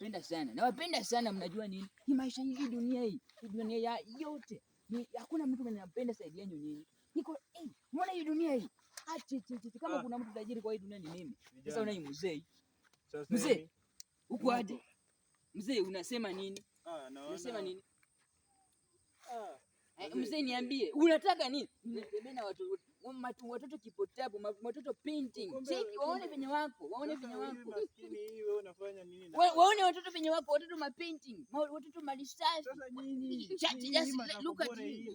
nawapenda sana, nawapenda sana. Mnajua nini hii maisha hii, dunia hii, dunia ya yote, hakuna mtu anapenda zaidi yenu nyinyi. Niko eh, muone hii dunia hii, ati ah, ati kama ah. kuna mtu tajiri kwa hii dunia ni mimi. Sasa unai mzee, mzee uko aje? Mzee unasema nini? Ah, naona unasema nini? mzee, niambie unataka nini? Natembea na watu watoto kipotabu, watoto painting, cheki waone venye wako, waone venye wako, waone watoto venye wako, watoto ma painting, watoto Just look at, malisafi,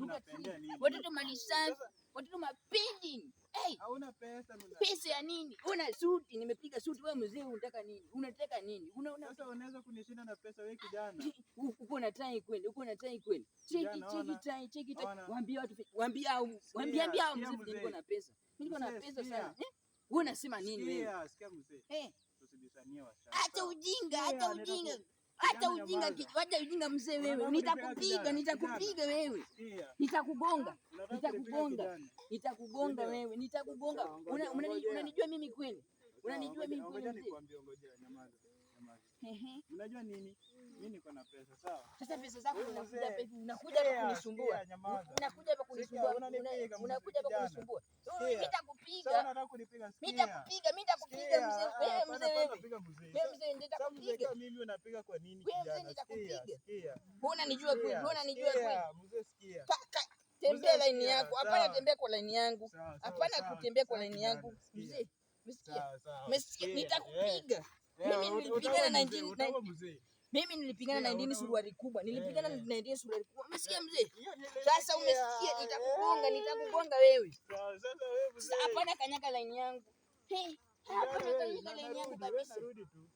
watoto malisafi, watoto ma painting Hey! Hauna pesa nuna. Pesa ya nini? Una suti, nimepiga suti wewe mzee unataka nini? Unataka nini? Una una Sasa unaweza kunishinda na pesa wewe kijana. Uko na tai kweli, uko na tai kweli. Cheki cheki tai, cheki tai. Waambie watu, waambie au, waambie ambie au mzee niko na pesa. niko na pesa sana. Eh? Wewe unasema nini wewe? Sikia mzee. Eh. Tusibishanie washaka. Hata ujinga, hata ujinga. Hata ujinga kichwa, acha ujinga mzee wewe. Nitakupiga, nitakupiga wewe. Nitakugonga, nitakugonga. Nitakugonga wewe, nitakugonga. Unanijua mimi kweli? Unanijua mimi kweli mzee? Unajua nini? Mimi niko na pesa, sawa? Sasa pesa zako unakuja hapa unakuja hapa kunisumbua. Unakuja hapa kunisumbua. Unakuja hapa kunisumbua. Nitakupiga. Nitakupiga, mimi nitakupiga mzee. wewe mimi unapiga kwa nini? Tembea laini yako, hapana tembea kwa laini yangu, hapana kutembea kwa laini yangu. Mzee, Nitakupiga eh, eh, mimi. Nilipigana na injini mimi nilipigana na indini suruali kubwa, nilipigana eh, na indini suruali kubwa. Umesikia mzee? Sasa umesikia? Nitakugonga, nitakugonga wewe. Hapana, kanyaga laini yangu. hapana kanyaga laini narudi tu